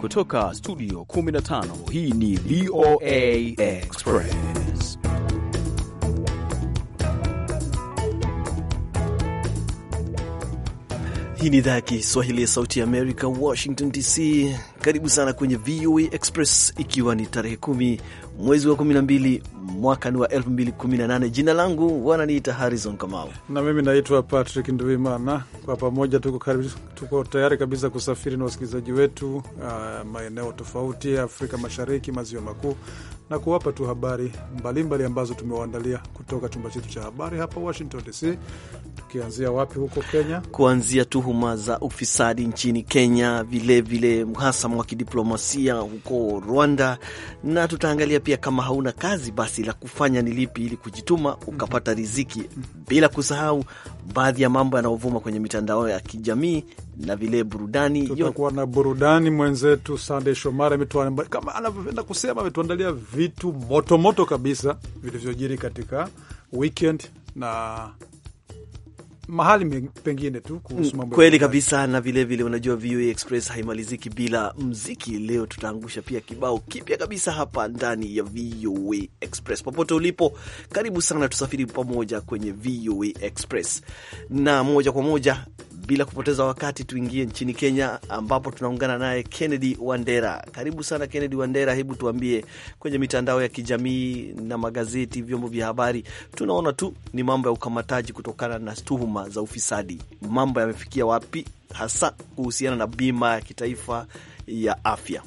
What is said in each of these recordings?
Kutoka studio 15 hii ni VOA Express. Hii ni idhaa ya Kiswahili ya Sauti ya Amerika, Washington DC. Karibu sana kwenye VOA Express, ikiwa ni tarehe kumi mwezi wa 12 mwaka ni wa nane. Jina langu wananiita Harrison Kamau na mimi naitwa Patrick Nduimana. Kwa pamoja tuko, karibu, tuko tayari kabisa kusafiri na wasikilizaji wetu uh, maeneo tofauti ya Afrika Mashariki, maziwa makuu na kuwapa tu habari mbalimbali ambazo tumewaandalia kutoka chumba chetu cha habari hapa Washington DC. Tukianzia wapi? Huko Kenya, kuanzia tuhuma za ufisadi nchini Kenya vilevile hasa wa kidiplomasia huko Rwanda, na tutaangalia pia kama hauna kazi basi la kufanya ni lipi ili kujituma ukapata riziki, bila kusahau baadhi ya mambo yanayovuma kwenye mitandao ya kijamii na vile burudani. Tutakuwa na burudani. Mwenzetu Sande Shomari kama anavyopenda kusema ametuandalia vitu motomoto moto kabisa vilivyojiri katika weekend na mahali pengine tu kuhusu mambo kweli kabisa. Na vilevile unajua VOA Express haimaliziki bila mziki. Leo tutaangusha pia kibao kipya kabisa hapa ndani ya VOA Express. Popote ulipo, karibu sana, tusafiri pamoja kwenye VOA Express na moja kwa moja bila kupoteza wakati tuingie nchini Kenya ambapo tunaungana naye Kennedy Wandera. Karibu sana Kennedy Wandera, hebu tuambie, kwenye mitandao ya kijamii na magazeti, vyombo vya habari, tunaona tu ni mambo ya ukamataji kutokana na tuhuma za ufisadi. Mambo yamefikia wapi hasa kuhusiana na bima ya kitaifa ya afya?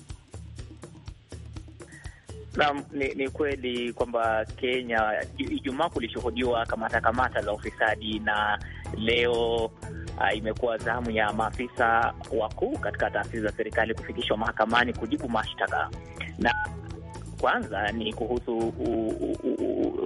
Naam, ni, ni kweli kwamba Kenya Ijumaa kulishuhudiwa kamata kamata la ufisadi na leo uh, imekuwa zamu ya maafisa wakuu katika taasisi za serikali kufikishwa mahakamani kujibu mashtaka na kwanza ni kuhusu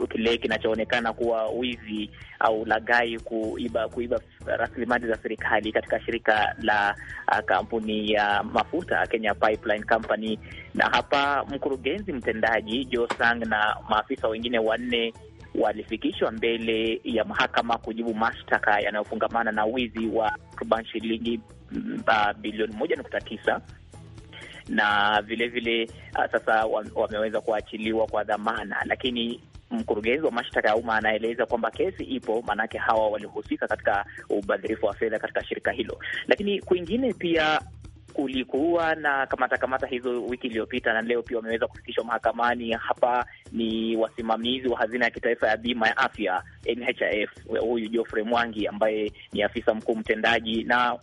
kile kinachoonekana kuwa wizi au lagai kuiba kuiba rasilimali za serikali katika shirika la ah, kampuni ya mafuta Kenya Pipeline Company, na hapa mkurugenzi mtendaji josang Sang na maafisa wengine wanne walifikishwa mbele ya mahakama kujibu mashtaka yanayofungamana na wizi wa takriban shilingi mm, ah, bilioni moja nukta tisa na vilevile vile, uh, sasa wameweza kuachiliwa kwa dhamana, lakini mkurugenzi wa mashtaka ya umma anaeleza kwamba kesi ipo, maanake hawa walihusika katika ubadhirifu wa fedha katika shirika hilo. Lakini kwingine pia kulikuwa na kamata kamata hizo wiki iliyopita na leo pia wameweza kufikishwa mahakamani hapa ni wasimamizi wa hazina ya kitaifa ya bima ya afya NHIF, huyu Geoffrey Mwangi ambaye ni afisa mkuu mtendaji na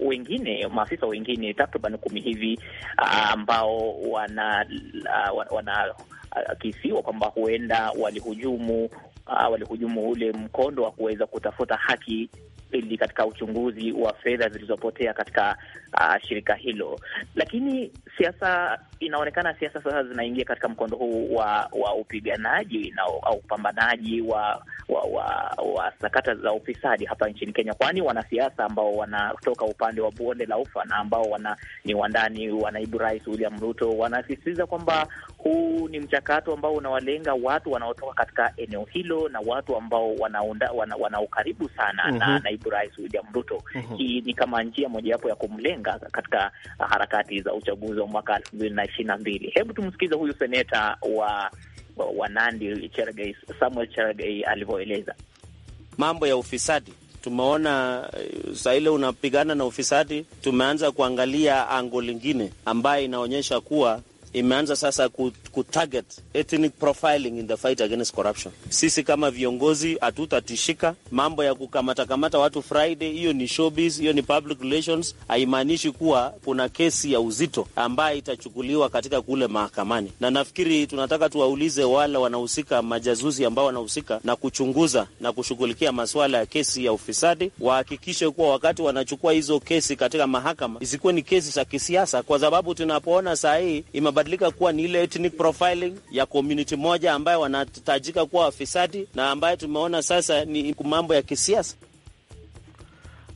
wengine maafisa wengine takriban kumi hivi ambao wana wanakisiwa wana, kwamba huenda walihujumu walihujumu ule mkondo wa kuweza kutafuta haki ili katika uchunguzi wa fedha zilizopotea katika uh, shirika hilo. Lakini siasa inaonekana, siasa sasa zinaingia katika mkondo huu wa wa upiganaji na au upambanaji wa wa, wa wa sakata za ufisadi hapa nchini Kenya, kwani wanasiasa ambao wanatoka upande wa bonde la ufa na ambao wana ni wandani wa naibu rais William Ruto wanasisitiza kwamba huu ni mchakato ambao unawalenga watu wanaotoka katika eneo hilo na watu ambao wanaunda, wana, wana ukaribu sana mm -hmm. na mhm. naibu rais William Ruto mm -hmm. Hii ni kama njia mojawapo ya kumlenga katika harakati za uchaguzi wa mwaka elfu mbili na ishirini na mbili. Hebu tumsikize huyu seneta wa wa Nandi Cheragei, Samuel Cheragei alivyoeleza mambo ya ufisadi. Tumeona eh, saa ile unapigana na ufisadi, tumeanza kuangalia ango lingine ambayo inaonyesha kuwa imeanza sasa kutarget ethnic profiling in the fight against corruption. Sisi kama viongozi hatutatishika mambo ya kukamatakamata watu Friday. Hiyo ni showbiz, hiyo ni public relations. Haimaanishi kuwa kuna kesi ya uzito ambayo itachukuliwa katika kule mahakamani, na nafikiri tunataka tuwaulize wale wanahusika, majazuzi ambao wanahusika na kuchunguza na kushughulikia masuala ya kesi ya ufisadi, wahakikishe kuwa wakati wanachukua hizo kesi katika mahakama isikuwe ni kesi za kisiasa, kwa sababu tunapoona saa hii kubadilika kuwa ni ile ethnic profiling ya community moja ambayo wanatajika kuwa wafisadi na ambayo tumeona sasa ni mambo ya kisiasa.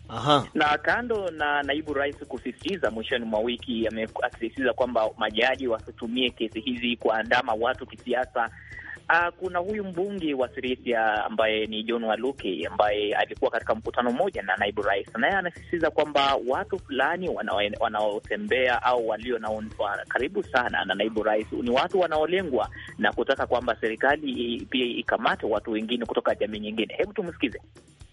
Aha. Na kando na naibu rais kusisitiza mwishoni mwa wiki, amesisitiza kwamba majaji wasitumie kesi hizi kuandama watu kisiasa, Uh, kuna huyu mbunge wa Sirisia ambaye ni John Waluke ambaye alikuwa katika mkutano mmoja na naibu rais, naye anasisitiza kwamba watu fulani wanaotembea au walio na karibu sana na naibu rais ni watu wanaolengwa na kutaka kwamba serikali pia ikamate watu wengine kutoka jamii nyingine. Hebu tumsikize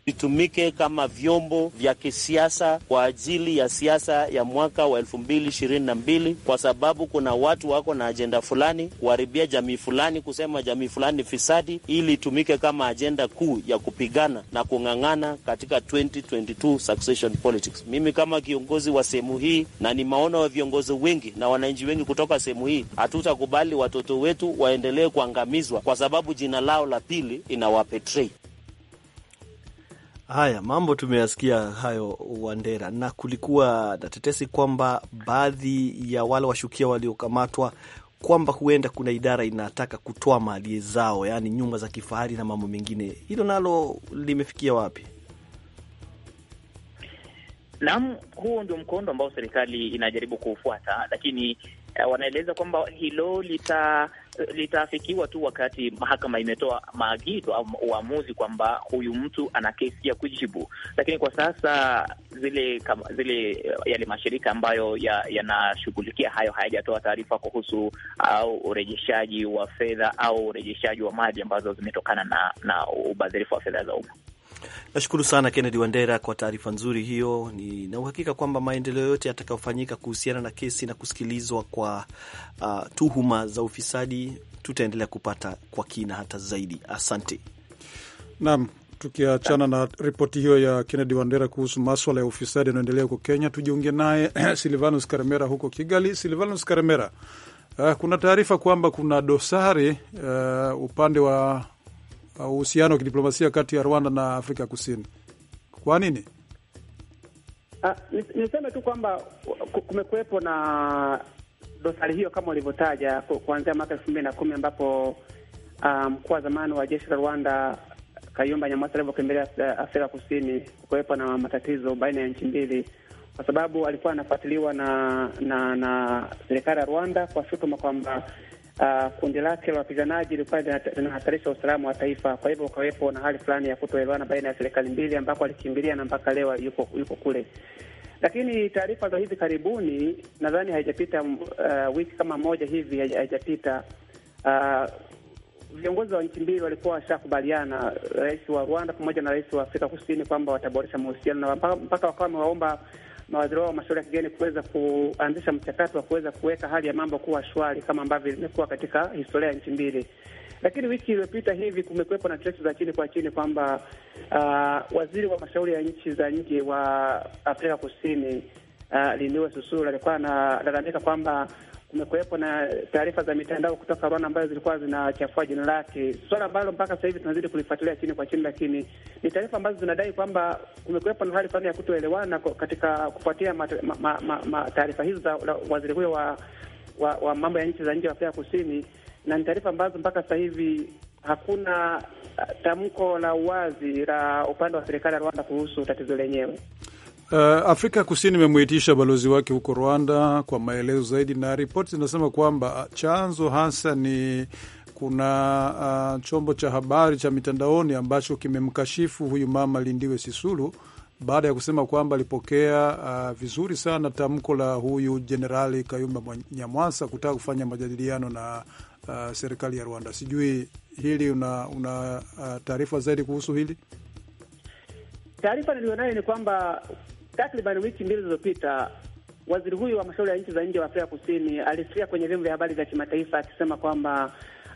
vitumike kama vyombo vya kisiasa kwa ajili ya siasa ya mwaka wa elfu mbili ishirini na mbili kwa sababu kuna watu wako na ajenda fulani kuharibia jamii fulani, kusema jamii fulani fisadi, ili itumike kama ajenda kuu ya kupigana na kung'ang'ana katika 2022 succession politics. Mimi kama kiongozi wa sehemu hii, na ni maono ya viongozi wengi na wananchi wengi kutoka sehemu hii, hatutakubali watoto wetu waendelee kuangamizwa kwa sababu jina lao la pili inawapetrei. Haya mambo tumeyasikia hayo, Wandera, na kulikuwa na tetesi kwamba baadhi ya wale washukia waliokamatwa kwamba huenda kuna idara inataka kutoa mali zao, yaani nyumba za kifahari na mambo mengine. Hilo nalo limefikia wapi? Naam, huo ndio mkondo ambao serikali inajaribu kuufuata, lakini eh, wanaeleza kwamba hilo lita Eh, litaafikiwa tu wakati mahakama imetoa maagizo au uamuzi kwamba huyu mtu ana kesi ya kujibu. Lakini kwa sasa zile kama, zile eh, yale mashirika ambayo yanashughulikia ya hayo hayajatoa taarifa kuhusu au urejeshaji wa fedha au urejeshaji wa mali ambazo zimetokana na, na ubadhirifu wa fedha za umma. Nashukuru sana Kennedy Wandera kwa taarifa nzuri hiyo. Nina uhakika kwamba maendeleo yote yatakayofanyika kuhusiana na kesi na kusikilizwa kwa uh, tuhuma za ufisadi tutaendelea kupata kwa kina hata zaidi. Asante. Naam, tukiachana na ripoti hiyo ya Kennedy Wandera kuhusu maswala ya ufisadi yanayoendelea huko Kenya, tujiunge naye Silvanus Karemera huko Kigali. Silvanus Karemera, uh, kuna taarifa kwamba kuna dosari uh, upande wa Uh, uhusiano wa kidiplomasia kati ya Rwanda na Afrika Kusini. Kwa nini? Ah, niseme tu kwamba kumekuwepo na dosari hiyo kama ulivyotaja kuanzia mwaka elfu mbili na kumi ambapo ah, mkuu wa zamani wa jeshi la Rwanda Kayumba Nyamwasa alivyokimbilia eh, Afrika Kusini, kuwepo na matatizo baina ya nchi mbili, kwa sababu alikuwa anafuatiliwa na na, na serikali ya Rwanda kwa shutuma kwamba uh, kundi lake la wapiganaji lilikuwa linahatarisha usalama wa taifa. Kwa hivyo ukawepo na hali fulani ya kutoelewana baina ya serikali mbili, ambako alikimbilia na mpaka leo yuko, yuko kule. Lakini taarifa za hivi karibuni, nadhani haijapita uh, wiki kama moja hivi haijapita, uh, viongozi wa nchi mbili walikuwa washakubaliana, rais wa Rwanda pamoja na rais wa Afrika Kusini, kwamba wataboresha mahusiano mpaka wakawa wamewaomba mawaziri wao wa mashauri ya kigeni kuweza kuanzisha mchakato wa kuweza kuweka hali ya mambo kuwa shwari kama ambavyo imekuwa katika historia ya nchi mbili. Lakini wiki iliyopita hivi kumekuwepo na tetesi za chini kwa chini kwamba uh, waziri wa mashauri ya nchi za nje wa Afrika Kusini uh, Lindiwe susuru alikuwa analalamika kwamba kumekuwepo na taarifa za mitandao kutoka Rwanda ambazo zilikuwa zinachafua jina lake, swala ambalo mpaka sasa hivi tunazidi kulifuatilia chini kwa chini, lakini ni taarifa ambazo zinadai kwamba kumekuwepo na hali fulani ya kutoelewana katika kufuatia taarifa hizo za waziri huyo wa, wa, wa mambo ya nchi za nje wa Afrika Kusini, na ni taarifa ambazo mpaka sasa hivi hakuna uh, tamko la uwazi la upande wa serikali ya Rwanda kuhusu tatizo lenyewe. Uh, Afrika Kusini imemwitisha balozi wake huko Rwanda kwa maelezo zaidi, na ripoti zinasema kwamba chanzo hasa ni kuna uh, chombo cha habari cha mitandaoni ambacho kimemkashifu huyu mama Lindiwe Sisulu baada ya kusema kwamba alipokea uh, vizuri sana tamko la huyu Jenerali Kayumba Nyamwasa kutaka kufanya majadiliano na uh, serikali ya Rwanda. Sijui hili una, una uh, taarifa zaidi kuhusu hili? Taarifa niliyonayo ni kwamba Takriban wiki mbili zilizopita, waziri huyu wa mashauri ya nchi za nje wa Afrika Kusini alisikia kwenye vyombo vya habari vya kimataifa akisema kwamba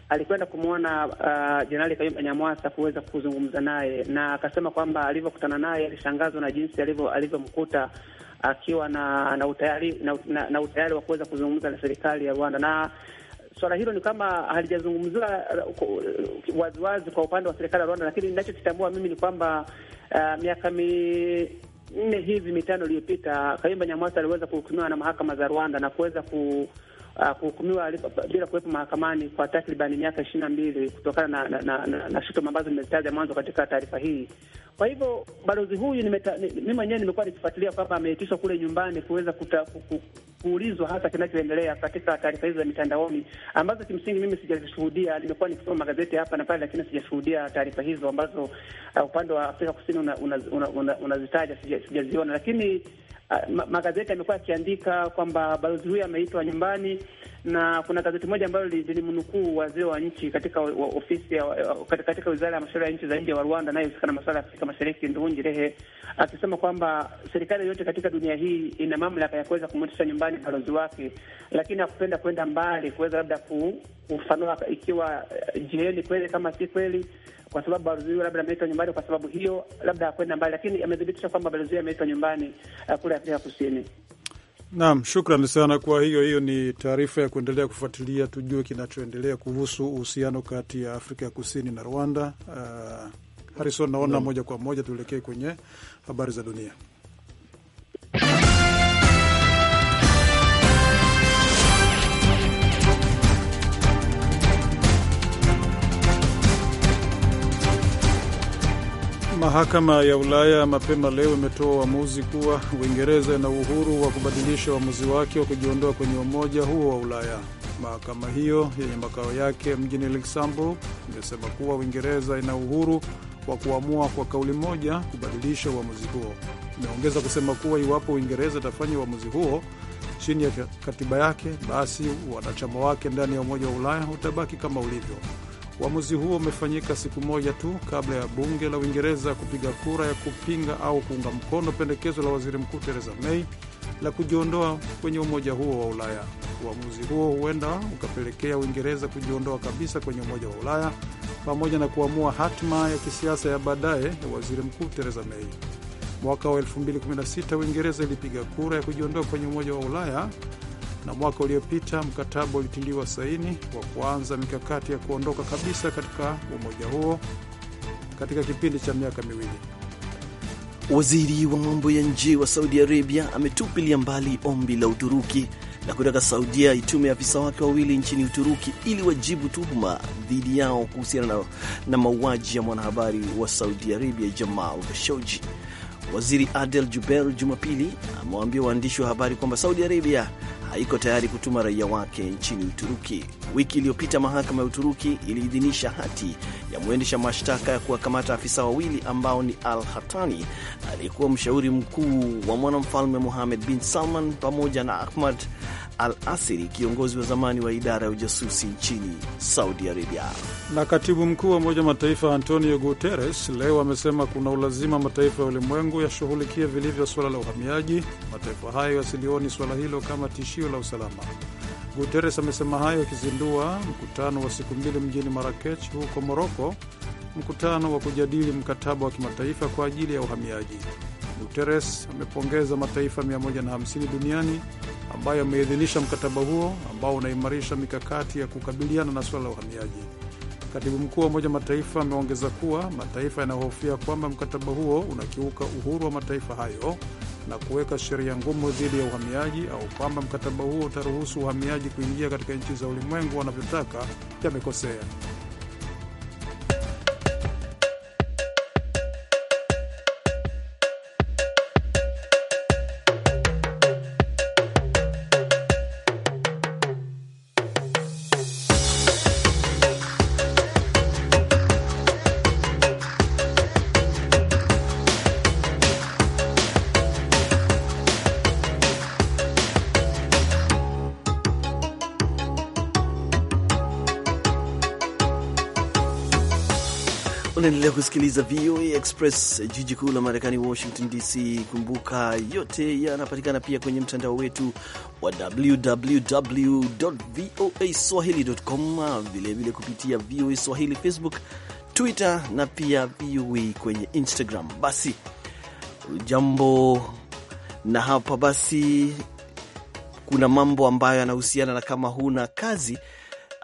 alikwenda kumwona uh, Jenerali uh, Kayumba Nyamwasa kuweza kuzungumza naye, na akasema kwamba alivyokutana naye alishangazwa na jinsi alivyomkuta akiwa na na utayari na, na, na utayari wa kuweza kuzungumza na serikali ya Rwanda na swala hilo ni kama halijazungumziwa uh, waziwazi kwa upande wa serikali ya Rwanda, lakini ninachokitambua mimi ni kwamba uh, miaka mi nne hivi mitano iliyopita, Kayumba Nyamwasa aliweza kuhukumiwa na mahakama za Rwanda na kuweza ku uh, kuhukumiwa bila kuwepo mahakamani kwa takriban miaka ishirini na mbili kutokana na, na, na, na, na shutuma ambazo nimezitaja mwanzo katika taarifa hii. Kwa hivyo balozi huyu mi mwenyewe nimekuwa nikifuatilia kwamba ameitishwa kule nyumbani kuweza kuulizwa hasa kinachoendelea katika taarifa hizo za mitandaoni ambazo kimsingi mimi sijazishuhudia. Nimekuwa nikisoma magazeti hapa na pale, lakini sijashuhudia taarifa hizo ambazo uh, upande wa Afrika Kusini unazitaja una, una, una, una sijaziona lakini Ah, magazeti yamekuwa yakiandika kwamba balozi huyo ameitwa nyumbani, na kuna gazeti moja ambalo lilimnukuu waziri wa nchi katika ofisi ya katika wizara ya mashauri ya nchi za nje wa Rwanda anayehusika na masuala ya Afrika Mashariki, Nduhungirehe, akisema kwamba serikali yoyote katika dunia hii ina mamlaka ya kuweza kumrejesha nyumbani balozi wake, lakini hakupenda kwenda mbali kuweza labda kufanua ikiwa jieni eh, kweli kama si kweli kwa sababu balozi huyo labda ameitwa nyumbani kwa sababu hiyo, labda hakwenda mbali, lakini amethibitisha kwamba balozi huyo ameitwa nyumbani eh, kule Afrika Kusini. Naam, shukrani sana kwa hiyo. Hiyo ni taarifa ya kuendelea kufuatilia, tujue kinachoendelea kuhusu uhusiano kati ya Afrika ya Kusini na Rwanda. Uh, Harrison, naona moja kwa moja tuelekee kwenye habari za dunia. Mahakama ya Ulaya mapema leo imetoa uamuzi kuwa Uingereza ina uhuru wa kubadilisha uamuzi wake wa kujiondoa kwenye umoja huo wa Ulaya. Mahakama hiyo yenye makao yake mjini Luxembourg imesema kuwa Uingereza ina uhuru wa kuamua kwa kauli moja kubadilisha uamuzi huo. Imeongeza kusema kuwa iwapo Uingereza itafanya uamuzi huo chini ya katiba yake, basi wanachama wake ndani ya umoja wa Ulaya utabaki kama ulivyo. Uamuzi huo umefanyika siku moja tu kabla ya bunge la Uingereza kupiga kura ya kupinga au kuunga mkono pendekezo la waziri mkuu Theresa May la kujiondoa kwenye umoja huo wa Ulaya. Uamuzi huo huenda ukapelekea Uingereza kujiondoa kabisa kwenye umoja wa Ulaya, pamoja na kuamua hatima ya kisiasa ya baadaye ya waziri mkuu Theresa May. Mwaka wa 2016 Uingereza ilipiga kura ya kujiondoa kwenye umoja wa Ulaya na mwaka uliopita mkataba ulitiliwa saini wa kuanza mikakati ya kuondoka kabisa katika umoja huo katika kipindi cha miaka miwili. Waziri wa mambo ya nje wa Saudi Arabia ametupilia mbali ombi la Uturuki na kutaka Saudia itume afisa wake wawili nchini Uturuki ili wajibu tuhuma dhidi yao kuhusiana na, na mauaji ya mwanahabari wa Saudi Arabia Jamal Khashoggi. Waziri Adel Jubel Jumapili amewaambia waandishi wa habari kwamba Saudi Arabia haiko tayari kutuma raia wake nchini Uturuki. Wiki iliyopita mahakama ya Uturuki iliidhinisha hati ya mwendesha mashtaka ya kuwakamata afisa wawili ambao ni Al Hatani aliyekuwa mshauri mkuu wa mwanamfalme Mohamed bin Salman pamoja na Ahmad Al Asiri, kiongozi wa zamani wa idara ya ujasusi nchini Saudi Arabia. Na katibu mkuu wa Umoja Mataifa Antonio Guterres leo amesema kuna ulazima mataifa ya ulimwengu yashughulikie vilivyo suala la uhamiaji, mataifa hayo yasilioni suala hilo kama tishio la usalama. Guterres amesema hayo akizindua mkutano wa siku mbili mjini Marakech huko Moroko, mkutano wa kujadili mkataba wa kimataifa kwa ajili ya uhamiaji. Guterres amepongeza mataifa 150 duniani ambayo yameidhinisha mkataba huo ambao unaimarisha mikakati ya kukabiliana na suala la uhamiaji. Katibu mkuu wa Umoja Mataifa ameongeza kuwa mataifa yanahofia kwamba mkataba huo unakiuka uhuru wa mataifa hayo na kuweka sheria ngumu dhidi ya uhamiaji au kwamba mkataba huo utaruhusu uhamiaji kuingia katika nchi za ulimwengu wanavyotaka yamekosea. kusikiliza VOA Express, jiji kuu la Marekani, Washington DC. Kumbuka yote yanapatikana pia kwenye mtandao wetu wa www voa swahili.com, vilevile kupitia VOA Swahili Facebook, Twitter na pia VOA kwenye Instagram. Basi jambo na hapa basi, kuna mambo ambayo yanahusiana na kama huna kazi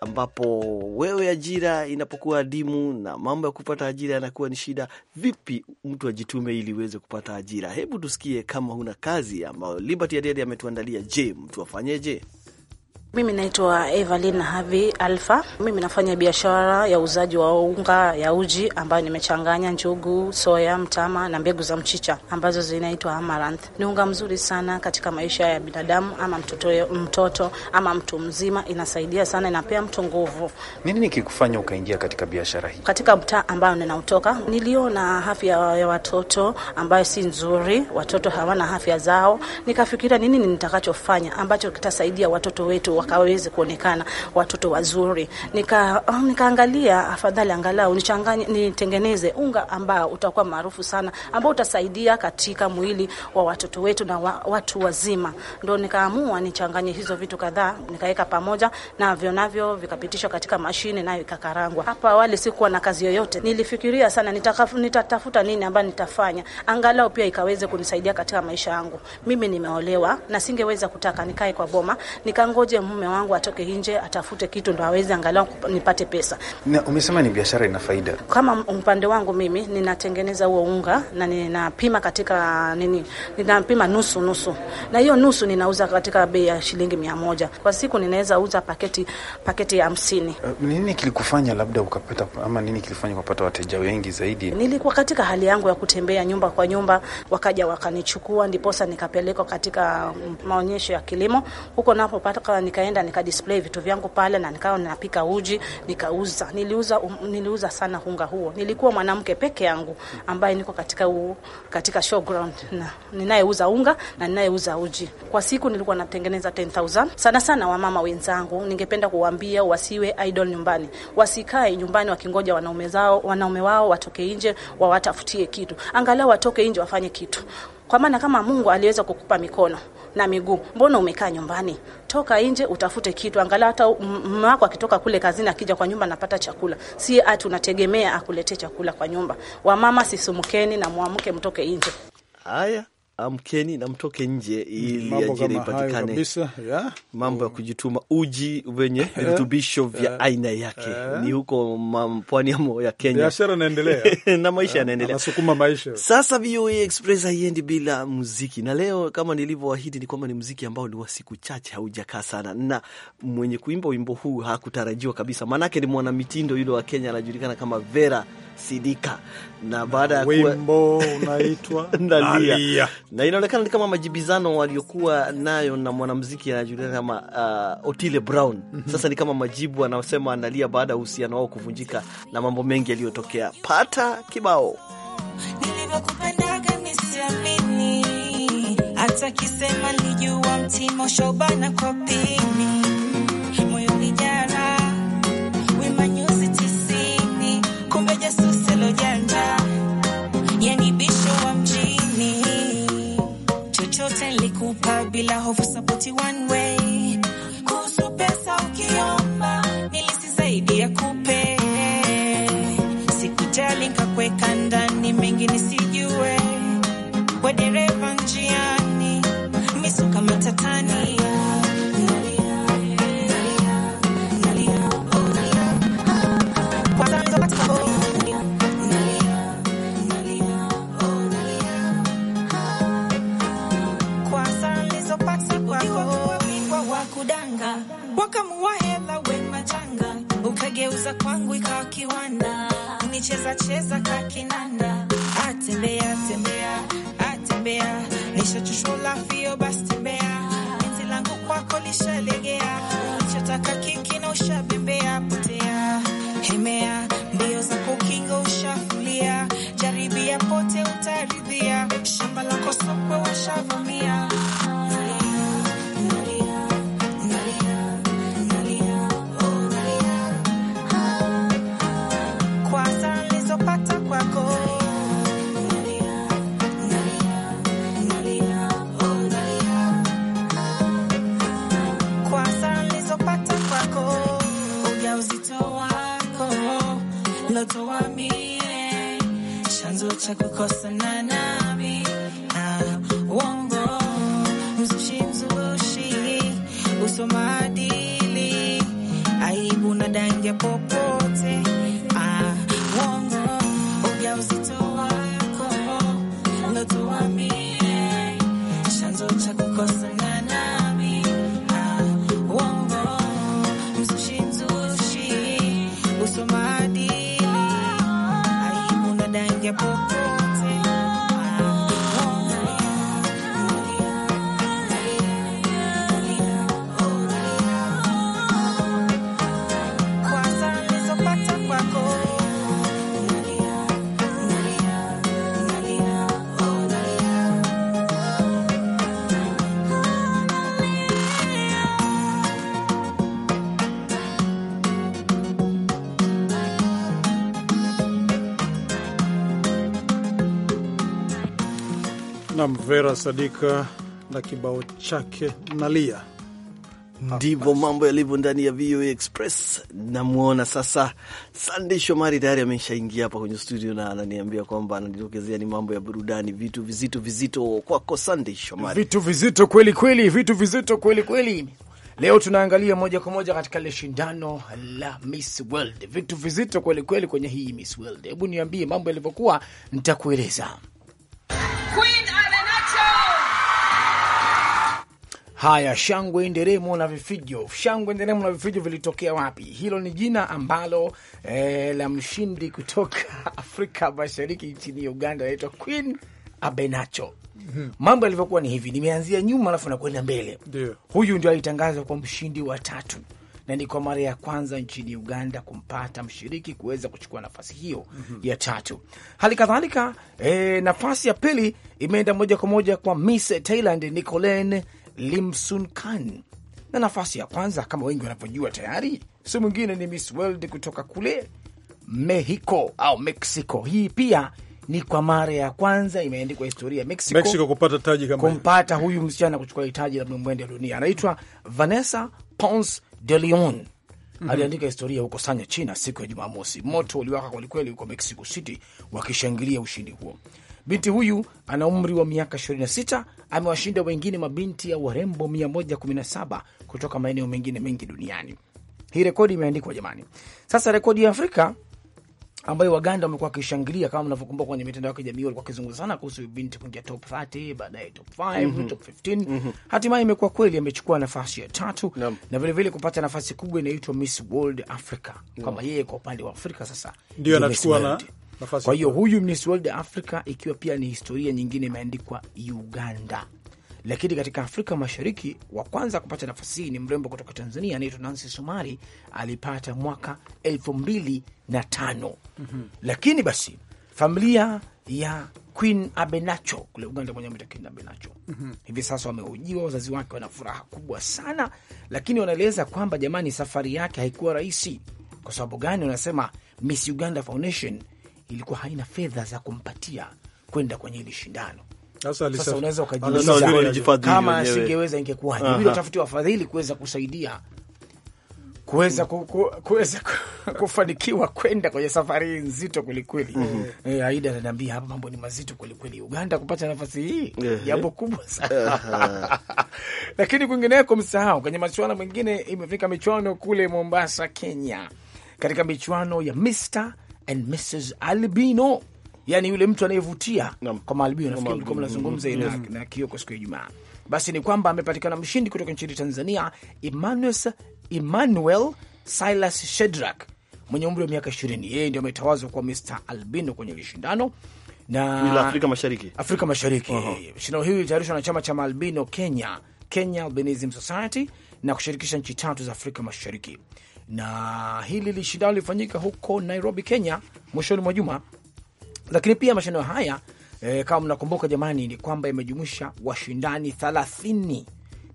ambapo wewe ajira inapokuwa adimu na mambo ya kupata ajira yanakuwa ni shida, vipi mtu ajitume ili uweze kupata ajira? Hebu tusikie, kama huna kazi ambayo Liberty Adede ametuandalia. Je, mtu afanyeje? Mimi naitwa Evelyn Havi Alfa. Mimi nafanya biashara ya uuzaji wa unga ya uji ambayo nimechanganya njugu, soya, mtama na mbegu za mchicha ambazo zinaitwa amaranth. Ni unga mzuri sana katika maisha ya binadamu ama mtoto, mtoto ama mtu mzima. Inasaidia sana, inapea mtu nguvu. Nini nikikufanya ukaingia katika biashara hii? Katika mtaa ambayo ninautoka, niliona afya ya watoto ambayo si nzuri, watoto hawana afya zao. Nikafikiria nini nitakachofanya ambacho kitasaidia watoto wetu wakaweze kuonekana watoto wazuri. Nika, oh, nikaangalia afadhali angalau nichanganye nitengeneze unga ambao utakuwa maarufu sana ambao utasaidia katika mwili wa watoto wetu na wa, watu wazima. Ndio nikaamua nichanganye hizo vitu kadhaa nikaweka pamoja navyo navyo vikapitishwa katika mashine nayo ikakarangwa. Hapo awali sikuwa na kazi yoyote, nilifikiria sana nitakafu, nitatafuta nini ambayo nitafanya angalau pia ikaweze kunisaidia katika maisha yangu. Mimi nimeolewa na singeweza kutaka nikae kwa boma nikangoje mume wangu atoke nje atafute kitu ndo aweze angalau nipate pesa. Na umesema ni biashara ina faida. Kama upande wangu mimi ninatengeneza huo unga na ninapima katika nini, ninapima nusu nusu, na hiyo nusu ninauza katika bei ya shilingi mia moja kwa siku, ninaweza uza paketi paketi ya hamsini. Uh, nini kilikufanya labda ukapata ama nini kilifanya kupata wateja wengi zaidi? Nilikuwa katika hali yangu ya kutembea nyumba kwa nyumba, wakaja wakanichukua, ndiposa nikapelekwa katika mm, maonyesho ya kilimo huko napopata nika nikaenda nika display vitu vyangu pale na nikawa ninapika uji nikauza. Niliuza um, niliuza sana unga huo. Nilikuwa mwanamke peke yangu ambaye niko katika u, katika showground na ninayeuza unga na ninayeuza uji. Kwa siku nilikuwa natengeneza 10000. Sana sana wamama wenzangu, ningependa kuwaambia wasiwe idol nyumbani. Wasikae nyumbani wakingoja wanaume zao, wanaume wao watoke nje wawatafutie kitu. Angalau watoke nje wafanye kitu. Kwa maana kama Mungu aliweza kukupa mikono na miguu, mbona umekaa nyumbani? Toka nje utafute kitu, angalau hata mama wako akitoka kule kazini akija kwa nyumba anapata chakula, si ati unategemea akuletee chakula kwa nyumba. Wamama, sisumukeni na muamke mtoke nje. Haya, amkeni na mtoke nje ili ajira ipatikane, Mambo ya mm. kujituma, uji wenye eh. virutubisho vya eh. aina yake eh. Ni huko pwani ya Moya, Kenya, biashara inaendelea na maisha yanaendelea, nasukuma maisha. Sasa VOA Express haiendi bila muziki, na leo kama nilivyoahidi ni kwamba ni muziki ambao ni wa siku chache, haujakaa sana, na mwenye kuimba wimbo huu hakutarajiwa kabisa, maanake ni mwanamitindo yule wa Kenya anajulikana kama Vera Sidika, na baada ya kuwa wimbo unaitwa Nalia na inaonekana ni kama majibizano waliokuwa nayo na mwanamziki anajulikana kama uh, Otile Brown. Mhm. Sasa ni kama majibu anasema analia baada ya uhusiano wao kuvunjika na mambo mengi yaliyotokea. Pata kibao hata kisema mtimo shobana kwa pini hofu sapoti one way. Kuhusu pesa ukiomba, nilisi zaidi ya kupe, sikujali nkakweka ndani mengi nisi Vera Sadika na kibao chake nalia. Ndivyo mambo yalivyo ndani ya VOA Express. Namwona sasa Sandey Shomari tayari ameshaingia hapa kwenye studio na ananiambia kwamba anatokezea ni mambo ya burudani, vitu vizito vizito. Kwako Sandey Shomari, vitu vizito kweli kweli, vitu vizito kweli kweli. Leo tunaangalia moja kwa moja katika lile shindano la Miss World, vitu vizito kweli kweli kwenye hii Miss World. Hebu niambie mambo yalivyokuwa, nitakueleza Haya, shangwe nderemo na vifijo. Shangwe nderemo na vifijo vilitokea wapi? Hilo ni jina ambalo eh, la mshindi kutoka Afrika Mashariki nchini Uganda anaitwa Queen Abenacho. Mm -hmm. Mambo yalivyokuwa ni hivi, nimeanzia nyuma alafu nakwenda mbele. Deo. Huyu ndio alitangazwa kwa mshindi wa tatu na ni kwa mara ya kwanza nchini Uganda kumpata mshiriki kuweza kuchukua nafasi hiyo mm -hmm. ya tatu. Hali kadhalika eh, nafasi ya pili imeenda moja kwa moja kwa Miss Thailand Nicolen Limsun Kan, na nafasi ya kwanza kama wengi wanavyojua tayari si mwingine ni Miss World kutoka kule Mexico au Mexico. Hii pia ni kwa mara ya kwanza imeandikwa historia ya Mexico, Mexico kupata taji kama kumpata huyu msichana kuchukua hitaji la mwende ya dunia. Anaitwa Vanessa Ponce de Leon Mm-hmm. aliandika historia huko Sanya, China siku ya Jumamosi. Moto uliwaka kwelikweli huko Mexico City wakishangilia ushindi huo. Binti huyu ana umri wa miaka 26, amewashinda wengine mabinti ya warembo 117 kutoka maeneo mengine mengi duniani. Hii rekodi imeandikwa jamani. Sasa rekodi ya Afrika ambayo Waganda wamekuwa wakishangilia kama mnavyokumbuka kwenye mitandao ya kijamii, walikuwa wakizungumza sana kuhusu binti kuingia top 30 baadaye top 5 mm -hmm. top 15 mm -hmm. hatimaye imekuwa kweli, amechukua nafasi ya tatu no. na vilevile vile kupata nafasi kubwa inaitwa Miss World Africa no. kwamba yeye kwa upande wa Afrika sasa ndio anachukua na nafasi. Kwa hiyo huyu Miss World Africa ikiwa pia ni historia nyingine imeandikwa Uganda lakini katika Afrika Mashariki, wa kwanza kupata nafasi hii ni mrembo kutoka Tanzania anaitwa Nancy Sumari, alipata mwaka elfu mbili na tano. mm -hmm. Lakini basi familia ya Queen Abenacho kule Uganda mwenye mita Queen Abenacho mm -hmm. hivi sasa wamehojiwa, wazazi wake wana furaha kubwa sana, lakini wanaeleza kwamba jamani, safari yake haikuwa rahisi. Kwa sababu gani? Wanasema Miss Uganda Foundation ilikuwa haina fedha za kumpatia kwenda kwenye hili shindano sasa unaweza ukajiuliza kama asingeweza ingekuwaje? Bila wafadhili kuweza kusaidia kuweza kuweza kufanikiwa kwenda kwenye safari nzito kwelikweli. mm -hmm. E, eh, Aida ananiambia hapa mambo ni mazito kwelikweli, Uganda kupata nafasi hii jambo kubwa sana lakini kwingineko msahau kwenye michuano mengine imefika michuano kule Mombasa, Kenya, katika michuano ya Mr and Mrs Albino yani yule mtu anayevutia kwa maalibio, nafikiri kwa mnazungumza ile na kio kwa siku ya Ijumaa. Basi ni kwamba amepatikana mshindi kutoka nchini Tanzania, Emmanuel, Emmanuel Silas Shedrack mwenye umri wa miaka 20. Yeye ndio ametawazwa kuwa Mr Albino kwenye lishindano na Afrika Mashariki, Afrika Mashariki. Uh-huh. Shindano hili ilitayarishwa na chama cha Albino Kenya, Kenya Albinism Society na kushirikisha nchi tatu za Afrika Mashariki, na hili lishindano lilifanyika huko Nairobi, Kenya mwishoni mwa juma lakini pia mashindano haya e, kama mnakumbuka jamani, ni kwamba yamejumuisha washindani thelathini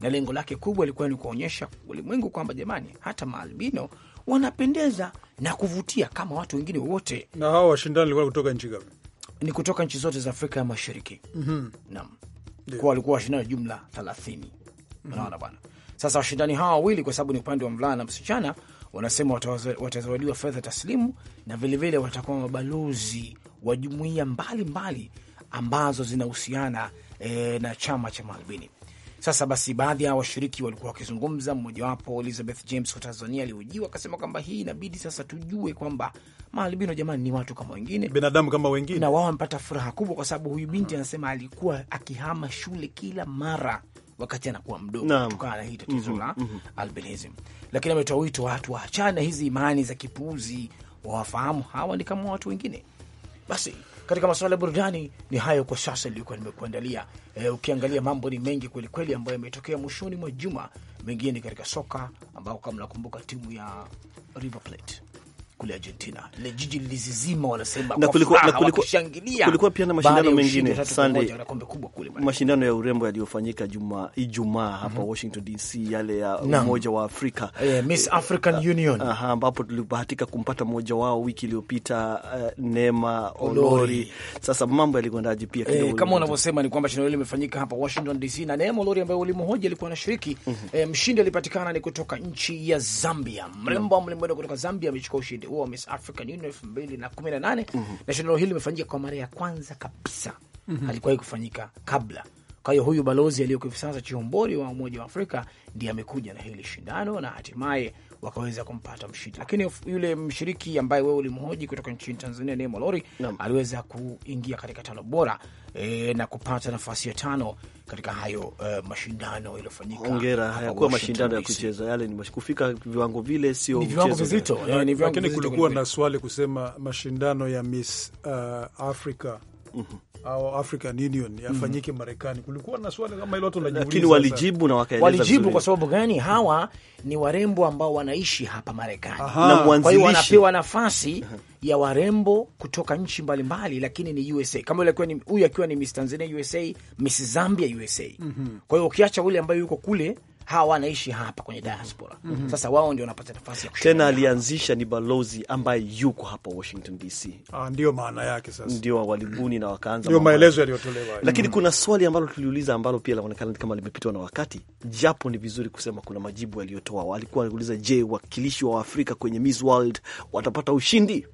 na lengo lake kubwa ilikuwa ni kuonyesha ulimwengu kwamba jamani, hata maalbino wanapendeza na kuvutia kama watu wengine wote. Na hawa washindani walikuwa kutoka nchi gani? Ni kutoka nchi zote za Afrika ya Mashariki. mm -hmm. Naam, kwa walikuwa washindani jumla thelathini. mm Unaona bwana, sasa washindani hawa wawili, kwa sababu ni upande wa mvulana na msichana, wanasema watazawadiwa fedha taslimu na vilevile watakuwa mabalozi wa jumuiya mbalimbali ambazo zinahusiana e, na chama cha maalbini. Sasa basi, baadhi ya washiriki walikuwa wakizungumza, mmojawapo Elizabeth James wa Tanzania alihojiwa akasema kwamba hii inabidi sasa tujue kwamba maalbino jamani, ni watu kama wengine, binadamu kama wengine, na wao wamepata furaha kubwa kwa sababu huyu binti anasema alikuwa akihama shule kila mara wakati anakuwa mdogo kutokana na hii tatizo mhm, la mhm, mhm. albinism, lakini ametoa wito watu waachane hizi imani za kipuuzi, wawafahamu hawa ni kama watu wengine basi katika masuala ya burudani ni hayo kwa sasa niliyokuwa nimekuandalia. E, ukiangalia mambo ni mengi kwelikweli ambayo yametokea mwishoni mwa juma, mengine katika soka ambao kama nakumbuka timu ya River Plate kule Argentina ile jiji lilizizima, wanasema na kulikuwa, na kulikuwa, shangilia, kulikuwa pia na mashindano mengine Sunday, mashindano ya urembo yaliyofanyika juma Ijumaa hapa mm -hmm. Washington DC, yale ya Umoja wa Afrika yeah, Miss eh, African uh, Union aha, ambapo tulibahatika kumpata mmoja wao wiki iliyopita uh, Neema Olori. Olori. Sasa mambo yalikwendaje pia kidogo eh, kama unavyosema ni kwamba shindano hili limefanyika hapa Washington DC na Neema Olori ambaye ulimhoji alikuwa anashiriki mm -hmm. eh, mshindi alipatikana ni kutoka nchi ya Zambia, mrembo mm -hmm. mrembo kutoka Zambia amechukua ushindi huo wa Miss African Union elfu mbili na kumi na nane mm -hmm. na shindano hili limefanyika kwa mara ya kwanza kabisa mm -hmm. halikuwahi kufanyika kabla. Kwa hiyo huyu balozi aliyoko hivi sasa Chihombori wa Umoja wa Afrika ndiye amekuja na hili shindano na hatimaye wakaweza kumpata mshindi. Lakini yule mshiriki ambaye wewe ulimhoji kutoka nchini Tanzania, ne Lori, aliweza kuingia katika tano bora e, na kupata nafasi ya tano katika hayo uh, mashindano yaliyofanyika. Hongera, hayakuwa mashindano ya kucheza, yale ni kufika viwango vile, sio viwango vizito. Lakini kulikuwa na swali kusema mashindano ya Miss uh, Africa Mm -hmm au African Union yafanyike mm. Marekani kulikuwa na swali kama hilo, watu wanajiuliza, lakini walijibu na wakaeleza walijibu kwa sababu gani? Hawa ni warembo ambao wanaishi hapa Marekani na kwa hiyo wanapewa nafasi ya warembo kutoka nchi mbalimbali mbali, lakini ni USA kama yule akiwa huyu akiwa ni Miss Tanzania USA, Miss Zambia USA. Mm -hmm. Kwa hiyo ukiacha ule ambayo yuko kule hawa wanaishi hapa kwenye diaspora mm -hmm. Sasa wao ndio wanapata nafasi ya tena, alianzisha ni balozi ambaye yuko hapa Washington DC. Ah, ndio maana yake sasa, ndio walibuni na wakaanza, ndio maelezo yaliyotolewa. Lakini mm -hmm. kuna swali ambalo tuliuliza ambalo pia laonekana kama limepitwa na wakati, japo ni vizuri kusema kuna majibu yaliyotoa. Walikuwa wanauliza je, wakilishi wa Afrika kwenye Miss World watapata ushindi?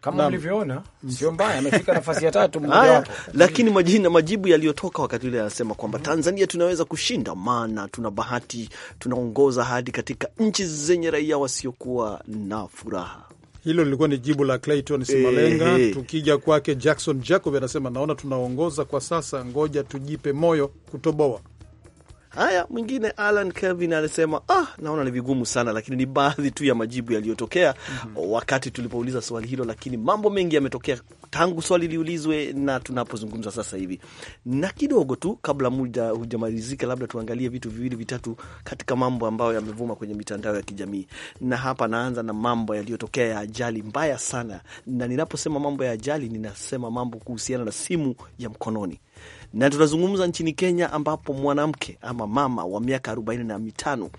kama ulivyoona, sio mbaya, amefika nafasi ya tatu mmoja wapo. Lakini majina, majibu yaliyotoka wakati ule yanasema kwamba Tanzania tunaweza kushinda, maana tuna bahati, tunaongoza hadi katika nchi zenye raia wasiokuwa na furaha. Hilo lilikuwa ni jibu la Clayton Simalenga. Hey, hey. Tukija kwake Jackson Jacob anasema naona tunaongoza kwa sasa, ngoja tujipe moyo kutoboa Haya, mwingine Alan Kevin alisema ah, naona ni vigumu sana, lakini ni baadhi tu ya majibu yaliyotokea mm -hmm. wakati tulipouliza swali hilo, lakini mambo mengi yametokea tangu swali liulizwe na tunapozungumza sasa hivi. Na kidogo tu kabla muda hujamalizika, labda tuangalie vitu viwili vitatu katika mambo ambayo yamevuma kwenye mitandao ya kijamii, na hapa naanza na mambo yaliyotokea ya ajali mbaya sana, na ninaposema mambo ya ajali, ninasema mambo kuhusiana na simu ya mkononi na tunazungumza nchini Kenya ambapo mwanamke ama mama wa miaka arobaini na mitano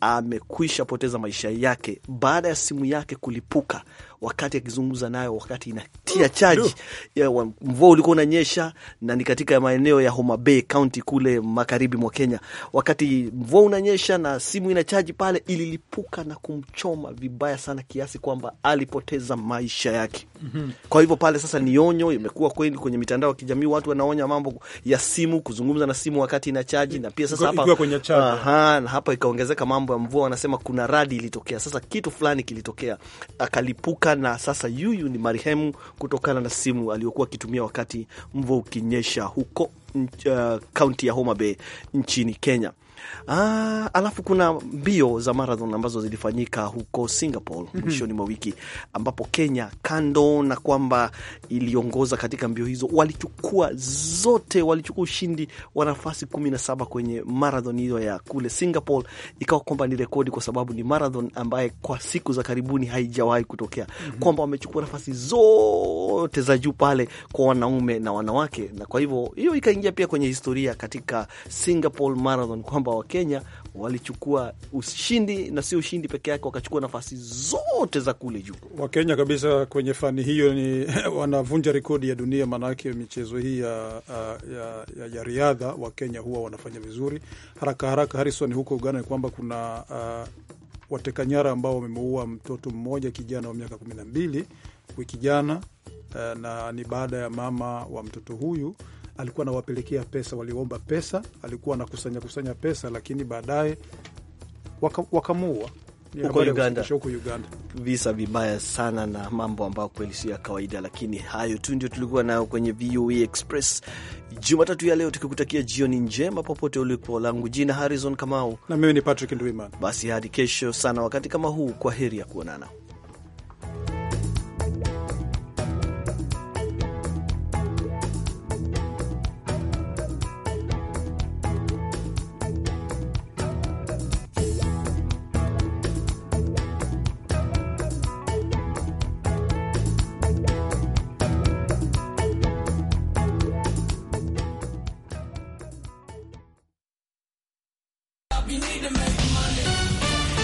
amekwisha poteza maisha yake baada ya simu yake kulipuka wakati akizungumza nayo, wakati inatia chaji yeah, mvua ulikuwa unanyesha na ni katika maeneo ya Homa Bay County kule magharibi mwa Kenya. Wakati mvua unanyesha na simu ina chaji pale, ililipuka na kumchoma vibaya sana kiasi kwamba alipoteza maisha yake. Mhm. Kwa hivyo pale sasa ni onyo, imekuwa kweli kwenye mitandao ya kijamii, watu wanaonya mambo ya simu, kuzungumza na simu wakati ina chaji, na pia sasa hapa, aha, na hapa ikaongezeka mambo ya mvua, wanasema kuna radi ilitokea. Sasa kitu fulani kilitokea, akalipuka ameondoka na sasa yuyu ni marehemu kutokana na simu aliyokuwa akitumia wakati mvua ukinyesha huko kaunti uh, ya Homa Bay nchini Kenya. Ah, alafu kuna mbio za marathon ambazo zilifanyika huko Singapore mhm. mwishoni mm -hmm. mwa wiki ambapo Kenya kando na kwamba iliongoza katika mbio hizo, walichukua zote, walichukua ushindi wa nafasi kumi na saba kwenye marathon hiyo ya kule Singapore, ikawa kwamba ni rekodi kwa sababu ni marathon ambaye kwa siku za karibuni haijawahi kutokea mm -hmm. kwamba wamechukua nafasi zote za juu pale kwa wanaume na wanawake, na kwa hivyo hiyo ikaingia moja pia kwenye historia katika Singapore Marathon kwamba Wakenya walichukua ushindi na si ushindi peke yake, wakachukua nafasi zote za kule juu. Wakenya kabisa kwenye fani hiyo ni wanavunja rekodi ya dunia, maanake michezo hii ya, ya, ya, ya riadha Wakenya huwa wanafanya vizuri haraka haraka. Harrison, huko Uganda ni kwamba kuna uh, wateka nyara ambao wamemuua mtoto mmoja kijana wa miaka kumi na mbili wiki jana, uh, na ni baada ya mama wa mtoto huyu alikuwa anawapelekea pesa, waliomba pesa, alikuwa anakusanya kusanya pesa, lakini baadaye wakamuua huko Uganda, Uganda, visa vibaya sana na mambo ambayo kweli sio ya kawaida. Lakini hayo tu ndio tulikuwa nayo kwenye VOA e Express Jumatatu ya leo, tukikutakia jioni njema popote ulipo. Langu jina Harrison Kamau na mimi ni Patrick Ndwimana. Basi hadi kesho sana wakati kama huu, kwa heri ya kuonana.